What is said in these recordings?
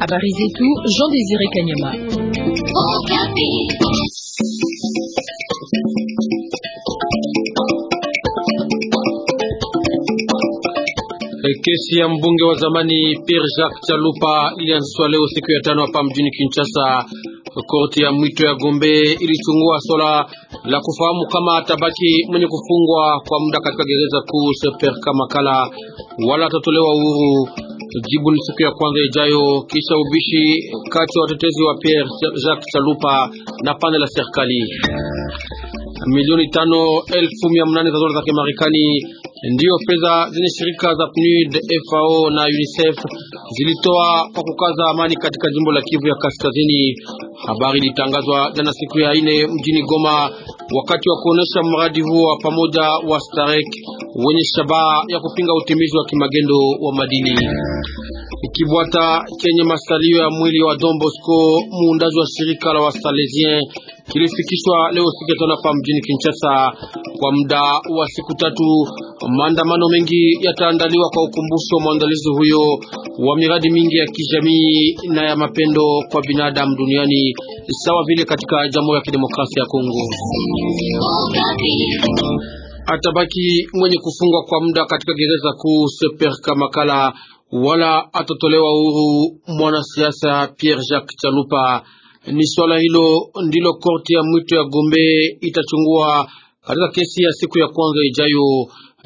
Habari zetu Jean Désiré Kanyama. Eh, kesi ya mbunge wa zamani Pierre Jacques Chalupa ilianzishwa leo siku ya tano hapa mjini Kinshasa Korti ya mwito ya Gombe ilichungua swala la kufahamu kama atabaki mwenye kufungwa kwa muda katika gereza kuu Seper Kamakala wala atatolewa uhuru. Jibu ni siku ya kwanza ijayo, kisha ubishi kati ya watetezi wa Pierre Jacques Chalupa na pande la serikali. Milioni tano elfu mia nane za dola za Kimarekani ndiyo fedha zenye shirika za PNUD, FAO na UNICEF zilitoa kwa kukaza amani katika jimbo la Kivu ya Kaskazini. Habari ilitangazwa jana siku ya ine mjini Goma wakati wa kuonesha mradi huo wa pamoja wa Starek wenye shabaha ya kupinga utimizi wa kimagendo wa madini. Kibwata chenye masalio ya mwili wa Don Bosco, muundaji wa shirika la Wasalesien, kilifikishwa leo siku ya tano hapa mjini Kinshasa kwa muda wa siku tatu Maandamano mengi yataandaliwa kwa ukumbusho wa mwandalizi huyo wa miradi mingi ya kijamii na ya mapendo kwa binadamu duniani sawa vile katika Jamhuri ya Kidemokrasia ya Kongo. Atabaki mwenye kufungwa kwa muda katika gereza kuu Seperka Makala wala atatolewa uhuru mwanasiasa Pierre Jacques Chalupa. Ni swala hilo ndilo korti ya mwito ya Gombe itachungua katika kesi ya siku ya kwanza ijayo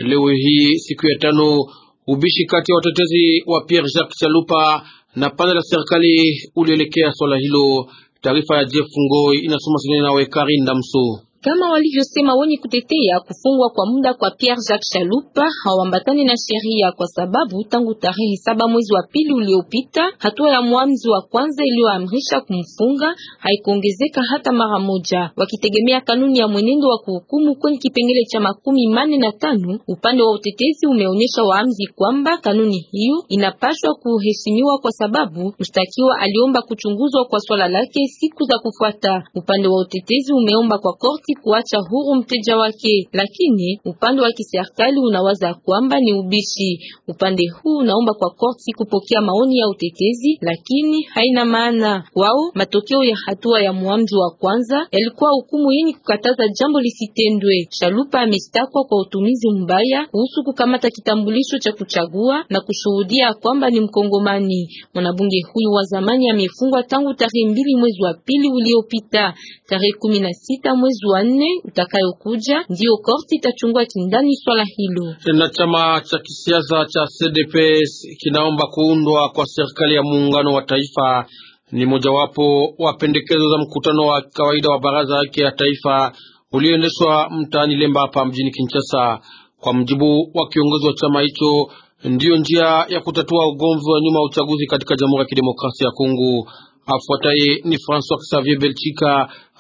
leo hii siku ya tano, ubishi kati ya watetezi wa Pierre Jacques Chalupa na pande la serikali ulielekea swala hilo. Taarifa ya Jeff Ngoi inasoma Sinene nawe Karinda ndamso kama walivyosema wenye kutetea kufungwa kwa muda kwa Pierre Jacques Chalupa hawambatani na sheria, kwa sababu tangu tarehe saba mwezi wa pili uliopita hatua ya mwamzi wa kwanza iliyoamrisha kumfunga haikuongezeka hata mara moja, wakitegemea kanuni ya mwenendo wa kuhukumu kwenye kipengele cha makumi manne na tano. Upande wa utetezi umeonyesha waamzi kwamba kanuni hiyo inapaswa kuheshimiwa, kwa sababu mshtakiwa aliomba kuchunguzwa kwa swala lake siku za kufuata. Upande wa utetezi umeomba kwa korti kuacha huru mteja wake, lakini upande wa kiserikali unawaza kwamba ni ubishi. Upande huu unaomba kwa korti kupokea maoni ya utetezi, lakini haina maana wao. Matokeo ya hatua ya muamzi wa kwanza yalikuwa hukumu yenye kukataza jambo lisitendwe. Shalupa amestakwa kwa utumizi mbaya kuhusu kukamata kitambulisho cha kuchagua na kushuhudia kwamba ni Mkongomani. Mwanabunge huyu wa zamani amefungwa tangu tarehe mbili mwezi wa pili uliopita, tarehe kumi na sita mwezi wa nne utakayokuja, ndiyo korti itachungua kindani swala hilo. Na chama cha kisiasa cha CDPS kinaomba kuundwa kwa serikali ya muungano wa taifa ni mojawapo wa pendekezo za mkutano wa kawaida wa baraza yake ya taifa ulioendeshwa mtaani Lemba hapa mjini Kinshasa. Kwa mjibu wa kiongozi wa chama hicho, ndiyo njia ya kutatua ugomvi wa nyuma uchaguzi katika Jamhuri ya Kidemokrasia ya Kongo. Afuataye ni françois Xavier Belchika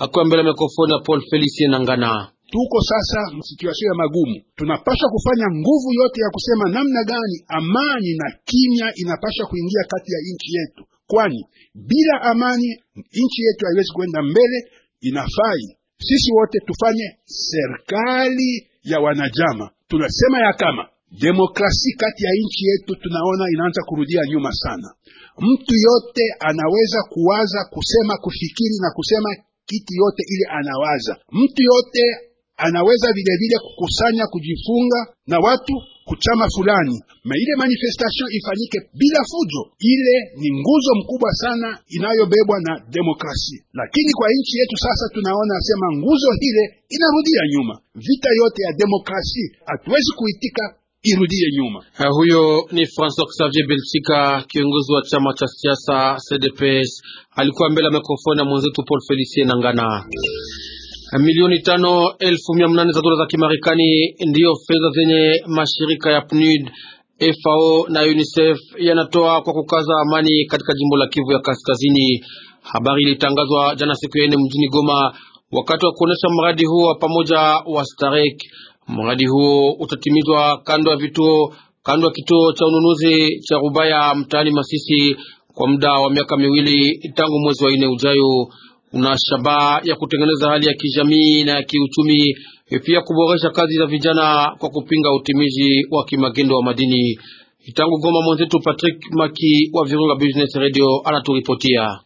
akiwa mbele ya mikrofoni ya Paul Felicien Nangana. Tuko sasa situasio ya magumu, tunapasha kufanya nguvu yote ya kusema namna gani amani na kimya inapasha kuingia kati ya nchi yetu, kwani bila amani nchi yetu haiwezi kwenda mbele. Inafai sisi wote tufanye serikali ya wanajama. Tunasema ya kama demokrasi kati ya nchi yetu tunaona inaanza kurudia nyuma sana. Mtu yote anaweza kuwaza, kusema, kufikiri na kusema kitu yote ili anawaza. Mtu yote anaweza vilevile kukusanya, kujifunga na watu kuchama fulani, ma ile manifestation ifanyike bila fujo. Ile ni nguzo mkubwa sana inayobebwa na demokrasi, lakini kwa nchi yetu sasa tunaona sema nguzo ile inarudia nyuma. Vita yote ya demokrasi hatuwezi kuitika irudie nyuma. Ha, eh, huyo ni Francois Xavier Belchika, kiongozi wa chama cha siasa CDPS, alikuwa mbele ya mikrofoni ya mwenzetu Paul Felicien Nangana. Eh, milioni tano elfu mia mnane za dola za Kimarekani ndiyo fedha zenye mashirika ya PNUD FAO na UNICEF yanatoa kwa kukaza amani katika jimbo la Kivu ya Kaskazini. Habari ilitangazwa jana siku ya ine mjini Goma wakati wa kuonesha mradi huo wa pamoja wa Starek. Mradi huo utatimizwa kando ya vituo kando ya kituo cha ununuzi cha Rubaya mtaani Masisi kwa muda wa miaka miwili tangu mwezi wa nne ujayo. Una shabaha ya kutengeneza hali ya kijamii na ya kiuchumi, pia kuboresha kazi za vijana kwa kupinga utimizi wa kimagendo wa madini. Tangu Goma, mwenzetu Patrick Maki wa Virunga Business Radio anaturipotia.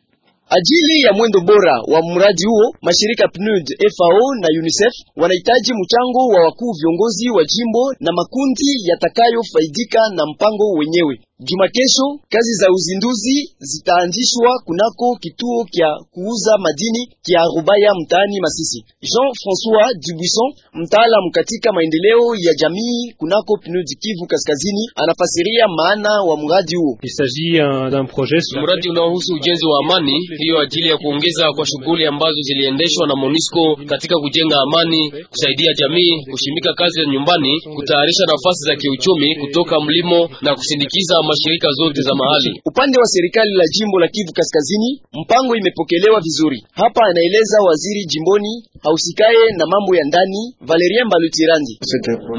Ajili ya mwendo bora wa mradi huo, mashirika PNUD, FAO na UNICEF wanahitaji mchango wa wakuu viongozi wa jimbo na makundi yatakayofaidika na mpango wenyewe. Juma kesho kazi za uzinduzi zitaanzishwa kunako kituo kya kuuza madini kya Rubaya mtaani Masisi. Jean-François Dubuisson, mtaalamu katika maendeleo ya jamii kunako PNUD Kivu Kaskazini, anafasiria maana wa mradi huo. Euh, mradi unaohusu ujenzi wa amani, hiyo ajili ya kuongeza kwa shughuli ambazo ziliendeshwa na MONUSCO katika kujenga amani, kusaidia jamii, kushimika kazi ya nyumbani, kutayarisha nafasi za kiuchumi kutoka mlimo na kusindikiza mashirika zote za mahali. Upande wa serikali la jimbo la Kivu Kaskazini, mpango imepokelewa vizuri. Hapa anaeleza waziri jimboni hausikaye na mambo ya ndani Valerien Balutirandi.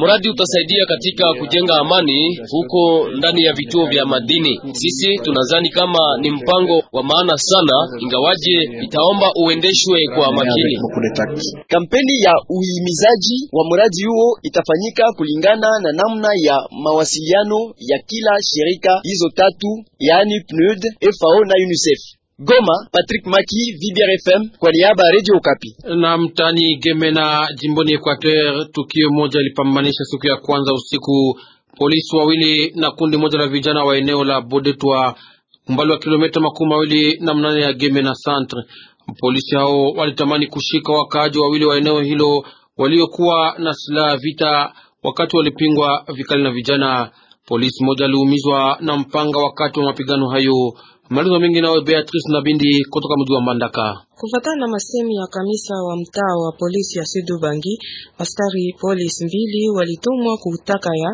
Mradi utasaidia katika kujenga amani huko ndani ya vituo vya madini. Sisi tunazani kama ni mpango wa maana sana, ingawaje itaomba uendeshwe kwa makini. Kampeni ya uhimizaji wa mradi huo itafanyika kulingana na namna ya mawasiliano ya kila shirika katika hizo tatu yaani PNUD, FAO na UNICEF. Goma, Patrick Maki, VBR FM kwa niaba ya Radio Okapi. Na mtani Gemena jimboni Equateur, tukio moja lipambanisha siku ya kwanza usiku polisi wawili na kundi moja la vijana wa eneo la Bodetwa umbali wa kilomita makumi mawili na mnane ya Gemena Centre. Polisi hao walitamani kushika wakaaji wawili wa eneo hilo waliokuwa na silaha vita wakati walipingwa vikali na vijana Polisi moja aliumizwa na mpanga wakati wa mapigano hayo. Malizo mengi nawe Beatrice na Bindi kutoka mji wa Mbandaka. Kufuatana na masemi ya kamisa wa mtaa wa polisi ya Sud Ubangi, askari polisi mbili walitumwa kutaka ya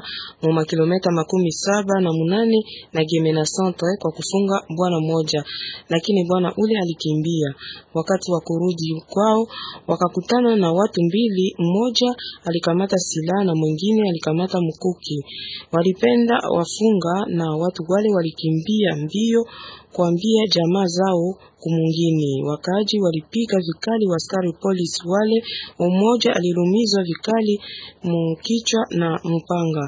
mwa kilomita makumi saba na munane na Gemena Centre kwa kufunga bwana mmoja, lakini bwana ule alikimbia. Wakati wa kurudi kwao wakakutana na watu mbili, mmoja alikamata silaha na mwingine alikamata mkuki. Walipenda wafunga na watu wale walikimbia mbio kuambia jamaa zao kumungini. Wakaaji walipiga vikali waskari polisi wale, mmoja alilumizwa vikali mkichwa na mpanga.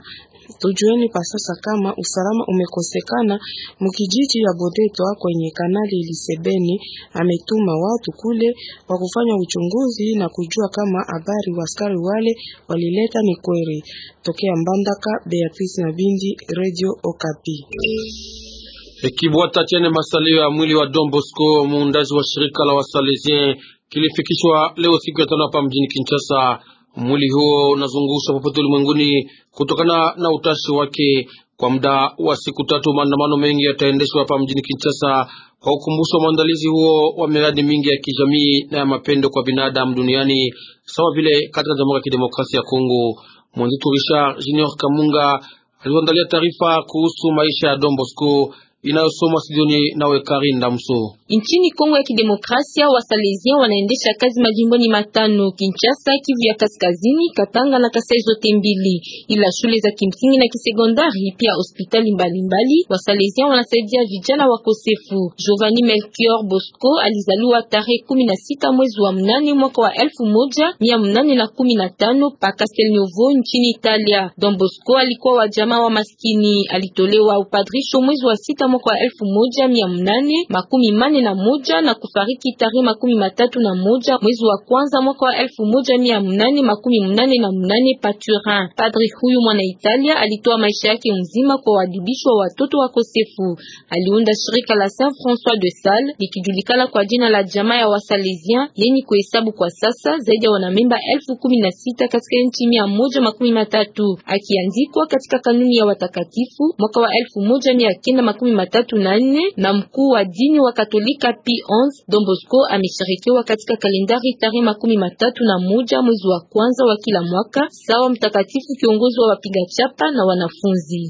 Tujueni pa sasa kama usalama umekosekana mkijiji ya Bodetwa kwenye kanali Lisebeni. Ametuma watu kule wa kufanya uchunguzi na kujua kama habari waskari wale walileta ni kweli. Tokea Mbandaka, Beatrice na Bindi, Radio Okapi. Kibwata chene masalio ya mwili wa Don Bosco, muundaji wa shirika la Wasalesien, kilifikishwa leo siku ya tano hapa mjini Kinshasa. Mwili huo unazungushwa popote ulimwenguni kutokana na utashi wake. Kwa muda wa siku tatu, maandamano mengi yataendeshwa hapa mjini Kinshasa kwa ukumbusho wa huo wa miradi mingi ya kijamii na ya mapendo kwa binadamu duniani, sawa vile katika Jamhuri ya Kidemokrasia ya Kongo. Mwenzetu Richard Junior Kamunga alioandalia taarifa kuhusu maisha ya Don Bosco inayosomwa studioni nawe Karin Damso. Nchini Kongo ya Kidemokrasia, wasalezia wanaendesha kazi majimboni matano: Kinshasa, Kivu ya Kaskazini, Katanga na Kasai zote mbili, ila shule za kimsingi na kisekondari pia hospitali mbalimbali. Wasalezia wanasaidia vijana wakosefu. Giovanni Melchior Bosco alizaliwa tarehe 16 mwezi wa mnane mwaka wa 1815 pa Castelnuovo nchini Italia. Don Bosco alikuwa wa jamaa wa maskini, alitolewa upadrisho mwezi wa sita mwaka wa elfu kumi na moja na kufariki tarehe makumi matatu na moja mwezi wa kwanza mwaka wa elfu moja mia mnane makumi mnane na mnane Paturin. Padri huyu mwana Italia alitoa maisha yake mzima kwa wa watoto wakosefu. Aliunda shirika la Saint François de Sales likijulikana kwa jina la jamaa ya Wasalesian yenye kuhesabu kwa sasa zaidi ya wanamemba elfu kumi na sita katika nchi mia moja makumi matatu akiandikwa katika kanuni ya watakatifu mwaka wa elfu moja mia kenda makumi matatu na nne na mkuu wa dini wa Katoliki Vika P11 Don Bosco ameshirikiwa katika kalendari tarehe makumi matatu na moja mwezi wa kwanza wa kila mwaka sawa mtakatifu kiongozi wa wapiga chapa na wanafunzi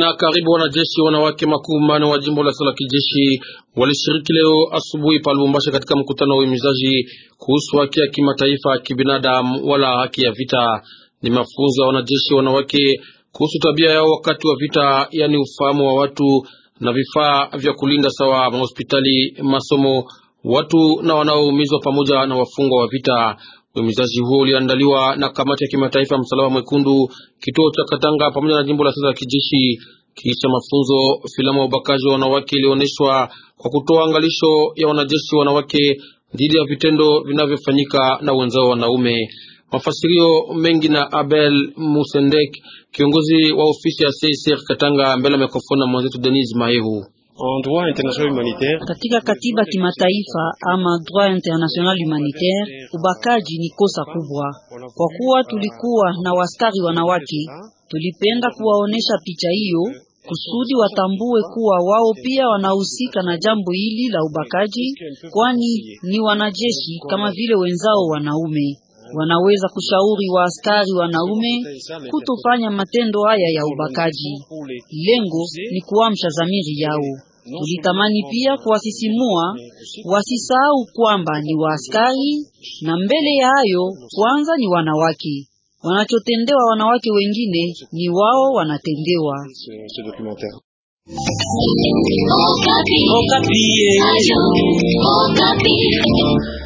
na karibu wanajeshi wanawake makumi mane wa jimbo la sala kijeshi walishiriki leo asubuhi pa Lubumbashi katika mkutano wa uhimizaji kuhusu haki ya kimataifa ya kibinadamu wala haki ya vita. Ni mafunzo ya wanajeshi wanawake kuhusu tabia yao wakati wa vita, yaani ufahamu wa watu na vifaa vya kulinda sawa mahospitali, masomo, watu na wanaoumizwa pamoja na wafungwa wa vita. Uhimizaji huo uliandaliwa na kamati ya kimataifa ya msalaba mwekundu kituo cha Katanga pamoja na jimbo la sasa la kijeshi. Kisha mafunzo, filamu ya ubakaji wa wanawake ilionyeshwa kwa kutoa angalisho ya wanajeshi wanawake dhidi ya vitendo vinavyofanyika na wenzao wanaume. Mafasirio mengi na Abel Musendek, kiongozi wa ofisi ya CICR Katanga, mbele ya mikrofoni na mwenzetu Denis Maehu. Katika katiba kimataifa ama droit international humanitaire, ubakaji ni kosa kubwa. Kwa kuwa tulikuwa na wastari wanawake, tulipenda kuwaonesha picha hiyo kusudi watambue kuwa wao pia wanahusika na jambo hili la ubakaji, kwani ni wanajeshi kama vile wenzao wanaume wanaweza kushauri waaskari wanaume kutofanya matendo haya ya ubakaji. Lengo ni kuamsha zamiri yao. Tulitamani pia kuwasisimua wasisahau kwamba ni waaskari na mbele ya hayo kwanza ni wanawake. Wanachotendewa wanawake wengine ni wao wanatendewa. Okapi. Okapi.